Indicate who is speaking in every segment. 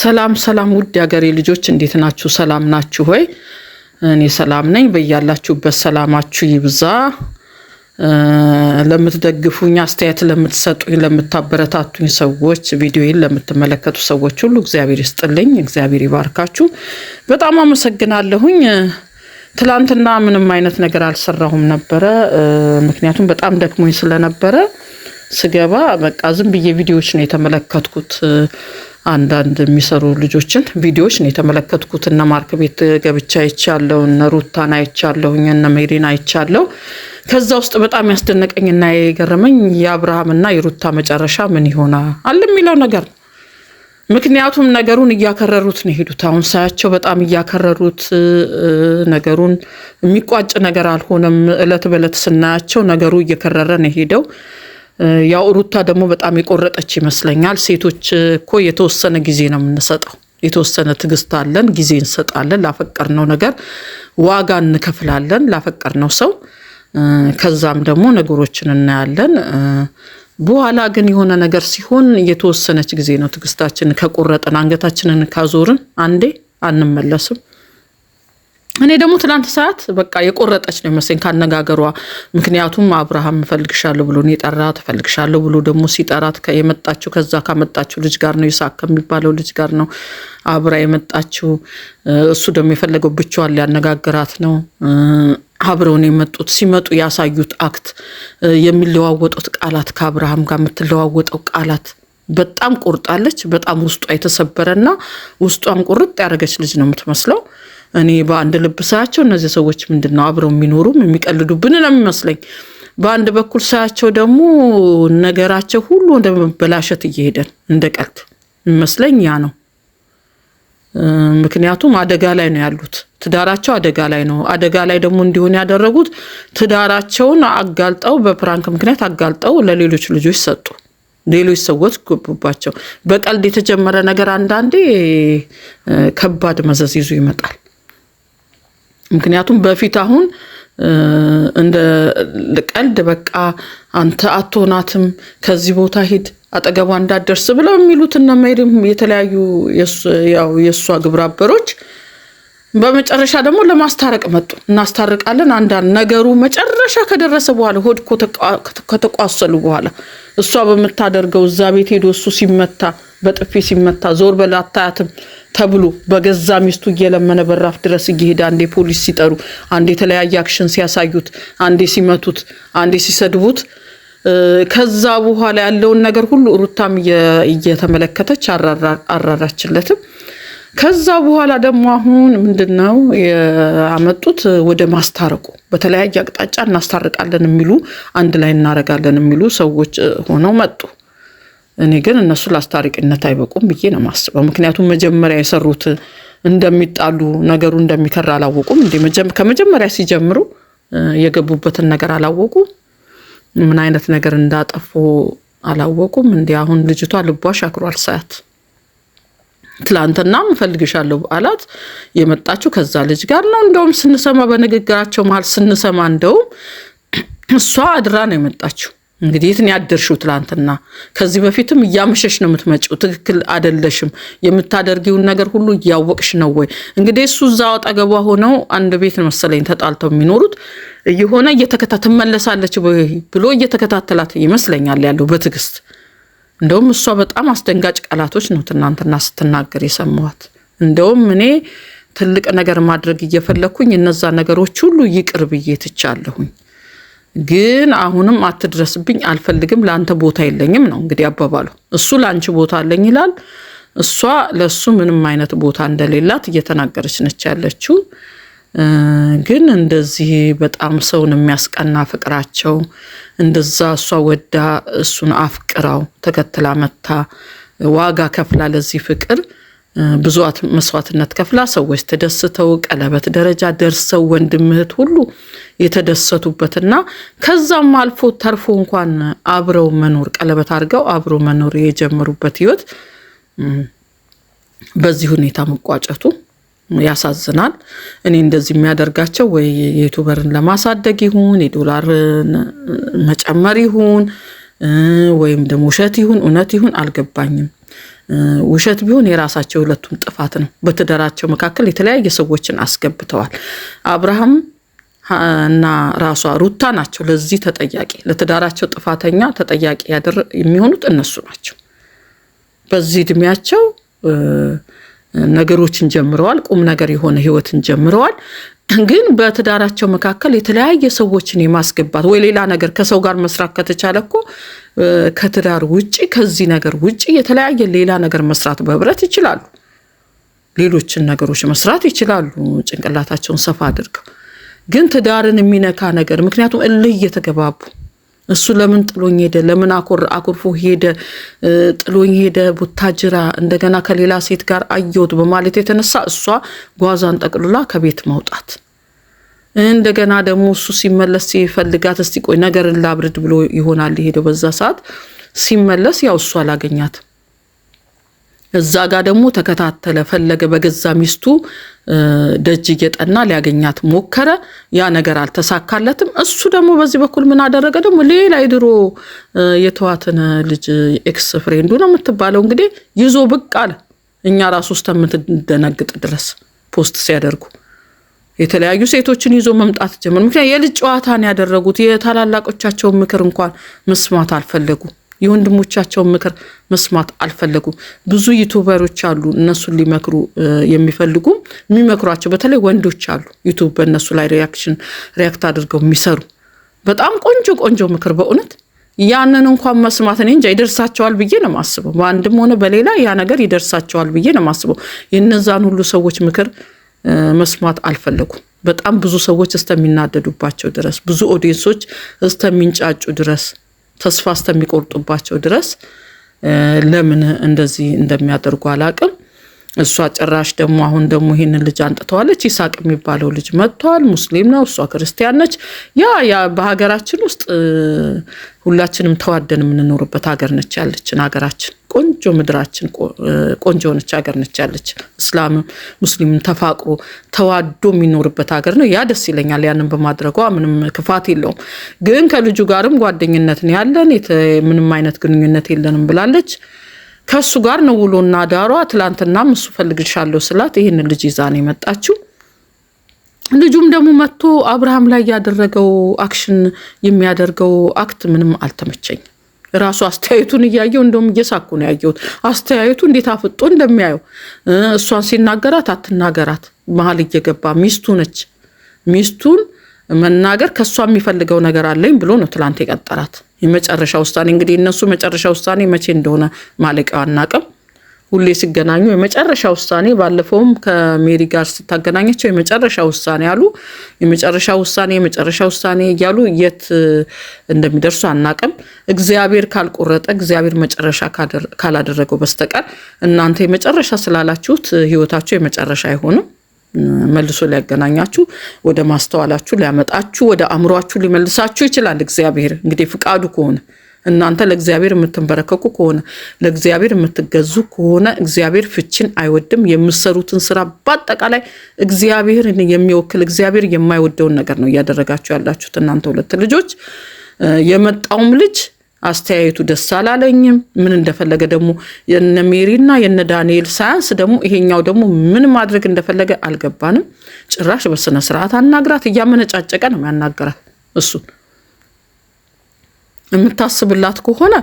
Speaker 1: ሰላም ሰላም፣ ውድ የአገሬ ልጆች እንዴት ናችሁ? ሰላም ናችሁ ሆይ? እኔ ሰላም ነኝ። በያላችሁበት ሰላማችሁ ይብዛ። ለምትደግፉኝ፣ አስተያየት ለምትሰጡኝ፣ ለምታበረታቱኝ ሰዎች፣ ቪዲዮን ለምትመለከቱ ሰዎች ሁሉ እግዚአብሔር ይስጥልኝ፣ እግዚአብሔር ይባርካችሁ። በጣም አመሰግናለሁኝ። ትላንትና ምንም አይነት ነገር አልሰራሁም ነበረ፣ ምክንያቱም በጣም ደክሞኝ ስለነበረ ስገባ በቃ ዝም ብዬ ቪዲዮዎች ነው የተመለከትኩት። አንዳንድ የሚሰሩ ልጆችን ቪዲዮዎች ነው የተመለከትኩት። እነ ማርክ ቤት ገብቻ አይቻለሁ፣ እነ ሩታን አይቻለሁኝ፣ እነ ሜሪን አይቻለሁ። ከዛ ውስጥ በጣም ያስደነቀኝና የገረመኝ የአብርሃምና የሩታ መጨረሻ ምን አለ የሚለው ነገር ነው። ምክንያቱም ነገሩን እያከረሩት ነው ሄዱት። አሁን ሳያቸው በጣም እያከረሩት ነገሩን የሚቋጭ ነገር አልሆነም። እለት በእለት ስናያቸው ነገሩ እየከረረ ነው ሄደው ያው ሩታ ደግሞ በጣም የቆረጠች ይመስለኛል። ሴቶች እኮ የተወሰነ ጊዜ ነው የምንሰጠው። የተወሰነ ትግስት አለን፣ ጊዜ እንሰጣለን። ላፈቀርነው ነገር ዋጋ እንከፍላለን፣ ላፈቀርነው ሰው። ከዛም ደግሞ ነገሮችን እናያለን። በኋላ ግን የሆነ ነገር ሲሆን የተወሰነች ጊዜ ነው ትግስታችን ከቆረጠን አንገታችንን ካዞርን አንዴ አንመለስም። እኔ ደግሞ ትናንት ሰዓት በቃ የቆረጠች ነው ይመስለኝ ካነጋገሯ። ምክንያቱም አብርሃም እፈልግሻለሁ ብሎ የጠራት እፈልግሻለሁ ብሎ ደግሞ ሲጠራት የመጣችው ከዛ ካመጣችው ልጅ ጋር ነው ይሳቅ ከሚባለው ልጅ ጋር ነው አብራ የመጣችው። እሱ ደግሞ የፈለገው ብቻዋን ሊያነጋግራት ነው። አብረውን የመጡት ሲመጡ ያሳዩት አክት፣ የሚለዋወጡት ቃላት፣ ከአብርሃም ጋር የምትለዋወጠው ቃላት በጣም ቁርጣለች። በጣም ውስጧ የተሰበረ የተሰበረና ውስጧም ቁርጥ ያደረገች ልጅ ነው የምትመስለው። እኔ በአንድ ልብ ሳያቸው እነዚህ ሰዎች ምንድን ነው አብረው የሚኖሩም የሚቀልዱብን ነው የሚመስለኝ። በአንድ በኩል ሳያቸው ደግሞ ነገራቸው ሁሉ ወደ መበላሸት እየሄደን እንደ ቀልድ የሚመስለኝ ያ ነው። ምክንያቱም አደጋ ላይ ነው ያሉት። ትዳራቸው አደጋ ላይ ነው። አደጋ ላይ ደግሞ እንዲሆን ያደረጉት ትዳራቸውን አጋልጠው በፕራንክ ምክንያት አጋልጠው ለሌሎች ልጆች ሰጡ። ሌሎች ሰዎች ገቡባቸው። በቀልድ የተጀመረ ነገር አንዳንዴ ከባድ መዘዝ ይዞ ይመጣል። ምክንያቱም በፊት አሁን እንደ ቀልድ በቃ አንተ አትሆናትም፣ ከዚህ ቦታ ሂድ፣ አጠገቧ እንዳደርስ ብለው የሚሉት እነ ሜሪም የተለያዩ የእሷ ግብረ አበሮች በመጨረሻ ደግሞ ለማስታረቅ መጡ። እናስታርቃለን አንዳንድ ነገሩ መጨረሻ ከደረሰ በኋላ ሆድ ከተቋሰሉ በኋላ እሷ በምታደርገው እዛ ቤት ሄዶ እሱ ሲመታ በጥፊ ሲመታ ዞር በል አታያትም ተብሎ በገዛ ሚስቱ እየለመነ በራፍ ድረስ እየሄደ አንዴ ፖሊስ ሲጠሩ፣ አንዴ የተለያየ አክሽን ሲያሳዩት፣ አንዴ ሲመቱት፣ አንዴ ሲሰድቡት ከዛ በኋላ ያለውን ነገር ሁሉ ሩታም እየተመለከተች አራራችለትም። ከዛ በኋላ ደግሞ አሁን ምንድን ነው ያመጡት? ወደ ማስታረቁ በተለያየ አቅጣጫ እናስታርቃለን የሚሉ አንድ ላይ እናረጋለን የሚሉ ሰዎች ሆነው መጡ። እኔ ግን እነሱ ለአስታራቂነት አይበቁም ብዬ ነው ማስበው። ምክንያቱም መጀመሪያ የሰሩት እንደሚጣሉ ነገሩ እንደሚከራ አላወቁም። ከመጀመሪያ ሲጀምሩ የገቡበትን ነገር አላወቁ፣ ምን አይነት ነገር እንዳጠፉ አላወቁም። እንዲ አሁን ልጅቷ ልቧ ሻክሯል። ሳያት ትላንትናም እፈልግሻለሁ አላት። የመጣችው ከዛ ልጅ ጋር ነው። እንደውም ስንሰማ በንግግራቸው መሀል ስንሰማ እንደውም እሷ አድራ ነው የመጣችው እንግዲህ የትን ያደርሽው ትላንትና። ከዚህ በፊትም እያመሸሽ ነው የምትመጪው። ትክክል አደለሽም። የምታደርጊውን ነገር ሁሉ እያወቅሽ ነው ወይ? እንግዲህ እሱ እዛ አጠገቧ ሆነው አንድ ቤት መሰለኝ ተጣልተው የሚኖሩት እየሆነ እየተከታ ትመለሳለች ብሎ እየተከታተላት ይመስለኛል ያለው በትዕግስት። እንደውም እሷ በጣም አስደንጋጭ ቃላቶች ነው ትናንትና ስትናገር የሰማኋት። እንደውም እኔ ትልቅ ነገር ማድረግ እየፈለግኩኝ እነዛ ነገሮች ሁሉ ይቅር ብዬ ትቻለሁኝ ግን አሁንም አትድረስብኝ አልፈልግም፣ ለአንተ ቦታ የለኝም ነው እንግዲህ አባባሉ። እሱ ለአንቺ ቦታ አለኝ ይላል፣ እሷ ለእሱ ምንም አይነት ቦታ እንደሌላት እየተናገረች ነች ያለችው። ግን እንደዚህ በጣም ሰውን የሚያስቀና ፍቅራቸው እንደዛ እሷ ወዳ እሱን አፍቅራው ተከትላ መታ ዋጋ ከፍላ ለዚህ ፍቅር ብዙ መስዋዕትነት ከፍላ ሰዎች ተደስተው ቀለበት ደረጃ ደርሰው ወንድምህት ሁሉ የተደሰቱበትና ከዛም አልፎ ተርፎ እንኳን አብረው መኖር ቀለበት አድርገው አብሮ መኖር የጀመሩበት ህይወት በዚህ ሁኔታ መቋጨቱ ያሳዝናል። እኔ እንደዚህ የሚያደርጋቸው ወይ የዩቱበርን ለማሳደግ ይሁን የዶላር መጨመር ይሁን ወይም ደግሞ ውሸት ይሁን እውነት ይሁን አልገባኝም። ውሸት ቢሆን የራሳቸው ሁለቱም ጥፋት ነው። በትዳራቸው መካከል የተለያየ ሰዎችን አስገብተዋል። አብርሃም እና ራሷ ሩታ ናቸው ለዚህ ተጠያቂ። ለትዳራቸው ጥፋተኛ ተጠያቂ የሚሆኑት እነሱ ናቸው በዚህ እድሜያቸው ነገሮችን ጀምረዋል። ቁም ነገር የሆነ ህይወትን ጀምረዋል። ግን በትዳራቸው መካከል የተለያየ ሰዎችን የማስገባት ወይ ሌላ ነገር ከሰው ጋር መስራት ከተቻለ እኮ ከትዳር ውጭ ከዚህ ነገር ውጭ የተለያየ ሌላ ነገር መስራት በህብረት ይችላሉ። ሌሎችን ነገሮች መስራት ይችላሉ፣ ጭንቅላታቸውን ሰፋ አድርገው። ግን ትዳርን የሚነካ ነገር ምክንያቱም እልህ እየተገባቡ እሱ ለምን ጥሎኝ ሄደ? ለምን አኩርፎ ሄደ? ጥሎኝ ሄደ ቡታጅራ፣ እንደገና ከሌላ ሴት ጋር አየሁት በማለት የተነሳ እሷ ጓዛን ጠቅልላ ከቤት መውጣት እንደገና ደግሞ እሱ ሲመለስ ሲፈልጋት እስቲ ቆይ ነገርን ላብርድ ብሎ ይሆናል የሄደው በዛ ሰዓት ሲመለስ ያው እሱ አላገኛትም። እዛ ጋር ደግሞ ተከታተለ ፈለገ በገዛ ሚስቱ ደጅ እየጠና ሊያገኛት ሞከረ። ያ ነገር አልተሳካለትም። እሱ ደግሞ በዚህ በኩል ምን አደረገ? ደግሞ ሌላ የድሮ የተዋትን ልጅ ኤክስ ፍሬንዱ ነው የምትባለው እንግዲህ ይዞ ብቅ አለ። እኛ ራሱ ውስጥ የምትደነግጥ ድረስ ፖስት ሲያደርጉ የተለያዩ ሴቶችን ይዞ መምጣት ጀመር። ምክንያት የልጅ ጨዋታን ያደረጉት የታላላቆቻቸውን ምክር እንኳን መስማት አልፈለጉ። የወንድሞቻቸውን ምክር መስማት አልፈለጉም። ብዙ ዩቱበሮች አሉ እነሱን ሊመክሩ የሚፈልጉ የሚመክሯቸው በተለይ ወንዶች አሉ ዩቱብ በእነሱ ላይ ሪያክሽን ሪያክት አድርገው የሚሰሩ በጣም ቆንጆ ቆንጆ ምክር በእውነት ያንን እንኳን መስማት እኔ እንጃ ይደርሳቸዋል ብዬ ነው ማስበው። በአንድም ሆነ በሌላ ያ ነገር ይደርሳቸዋል ብዬ ነው ማስበው። የነዛን ሁሉ ሰዎች ምክር መስማት አልፈለጉም። በጣም ብዙ ሰዎች እስከሚናደዱባቸው ድረስ ብዙ ኦዲየንሶች እስከሚንጫጩ ድረስ ተስፋ እስከሚቆርጡባቸው ድረስ ለምን እንደዚህ እንደሚያደርጉ አላቅም። እሷ ጭራሽ ደግሞ አሁን ደግሞ ይህንን ልጅ አንጥተዋለች። ይሳቅ የሚባለው ልጅ መጥቷል። ሙስሊም ነው፣ እሷ ክርስቲያን ነች። ያ ያ በሀገራችን ውስጥ ሁላችንም ተዋደን የምንኖርበት ሀገር ነች ያለችን ሀገራችን ቆንጆ ምድራችን ቆንጆ የሆነች ሀገር ነች ያለች። እስላምም ሙስሊምም ተፋቅሮ ተዋዶ የሚኖርበት ሀገር ነው። ያ ደስ ይለኛል። ያንን በማድረጓ ምንም ክፋት የለውም። ግን ከልጁ ጋርም ጓደኝነት ነው ያለን፣ ምንም አይነት ግንኙነት የለንም ብላለች። ከእሱ ጋር ነው ውሎና ዳሯ። ትላንትናም እሱ ፈልግሻለሁ ስላት ይህን ልጅ ይዛ ነው የመጣችው። ልጁም ደግሞ መጥቶ አብርሃም ላይ ያደረገው አክሽን የሚያደርገው አክት ምንም አልተመቸኝም። ራሱ አስተያየቱን እያየው እንደውም እየሳኩ ነው ያየሁት። አስተያየቱ እንዴት አፍጦ እንደሚያየው እሷን ሲናገራት አትናገራት መሀል እየገባ ሚስቱ ነች ሚስቱን መናገር ከእሷ የሚፈልገው ነገር አለኝ ብሎ ነው ትላንት የቀጠራት። የመጨረሻ ውሳኔ እንግዲህ እነሱ መጨረሻ ውሳኔ መቼ እንደሆነ ማለቂያው አናውቅም። ሁሌ ሲገናኙ የመጨረሻ ውሳኔ ባለፈውም ከሜሪ ጋር ስታገናኘቸው የመጨረሻ ውሳኔ አሉ። የመጨረሻ ውሳኔ የመጨረሻ ውሳኔ እያሉ የት እንደሚደርሱ አናቅም። እግዚአብሔር ካልቆረጠ እግዚአብሔር መጨረሻ ካላደረገው በስተቀር እናንተ የመጨረሻ ስላላችሁት ህይወታችሁ የመጨረሻ አይሆንም። መልሶ ሊያገናኛችሁ ወደ ማስተዋላችሁ ሊያመጣችሁ ወደ አእምሯችሁ ሊመልሳችሁ ይችላል። እግዚአብሔር እንግዲህ ፍቃዱ ከሆነ እናንተ ለእግዚአብሔር የምትንበረከኩ ከሆነ ለእግዚአብሔር የምትገዙ ከሆነ እግዚአብሔር ፍችን አይወድም። የምሰሩትን ስራ በአጠቃላይ እግዚአብሔርን የሚወክል እግዚአብሔር የማይወደውን ነገር ነው እያደረጋችሁ ያላችሁት እናንተ ሁለት ልጆች። የመጣውም ልጅ አስተያየቱ ደስ አላለኝም። ምን እንደፈለገ ደግሞ የነ ሜሪና የነ ዳንኤል ሳያንስ ደግሞ ይሄኛው ደግሞ ምን ማድረግ እንደፈለገ አልገባንም። ጭራሽ በስነ ስርዓት አናግራት እያመነጫጨቀ ነው ያናገራት እሱን የምታስብላት ከሆነ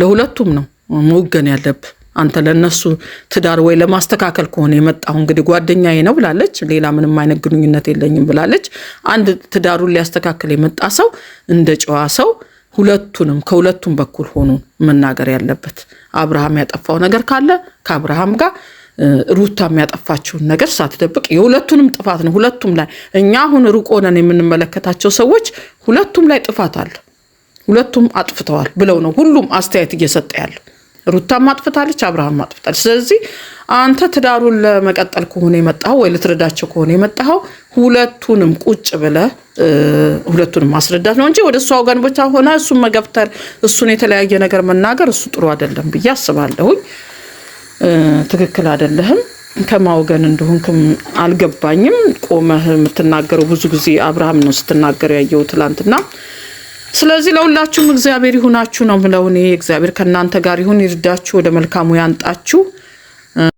Speaker 1: ለሁለቱም ነው መወገን ያለብህ። አንተ ለእነሱ ትዳር ወይ ለማስተካከል ከሆነ የመጣሁ እንግዲህ ጓደኛዬ ነው ብላለች፣ ሌላ ምንም አይነት ግንኙነት የለኝም ብላለች። አንድ ትዳሩን ሊያስተካክል የመጣ ሰው እንደ ጨዋ ሰው ሁለቱንም ከሁለቱም በኩል ሆኖ መናገር ያለበት። አብርሃም ያጠፋው ነገር ካለ ከአብርሃም ጋር ሩታ የሚያጠፋችውን ነገር ሳትደብቅ የሁለቱንም ጥፋት ነው። ሁለቱም ላይ እኛ አሁን ሩቅ ሆነን የምንመለከታቸው ሰዎች ሁለቱም ላይ ጥፋት አለ። ሁለቱም አጥፍተዋል ብለው ነው ሁሉም አስተያየት እየሰጠ ያለው። ሩታም አጥፍታለች፣ አብርሃም አጥፍታለች። ስለዚህ አንተ ትዳሩን ለመቀጠል ከሆነ የመጣኸው ወይ ልትረዳቸው ከሆነ የመጣኸው ሁለቱንም ቁጭ ብለህ ሁለቱንም ማስረዳት ነው እንጂ ወደ እሷ ወገን ብቻ ሆነ እሱን መገብተር እሱን የተለያየ ነገር መናገር እሱ ጥሩ አይደለም ብዬ አስባለሁኝ። ትክክል አይደለህም። ከማወገን እንደሆንክም አልገባኝም። ቆመህ የምትናገረው ብዙ ጊዜ አብርሃም ነው ስትናገር ያየው ትላንትና ስለዚህ ለሁላችሁም እግዚአብሔር ይሁናችሁ ነው ምለው። እኔ እግዚአብሔር ከእናንተ ጋር ይሁን፣ ይርዳችሁ፣ ወደ መልካሙ ያንጣችሁ።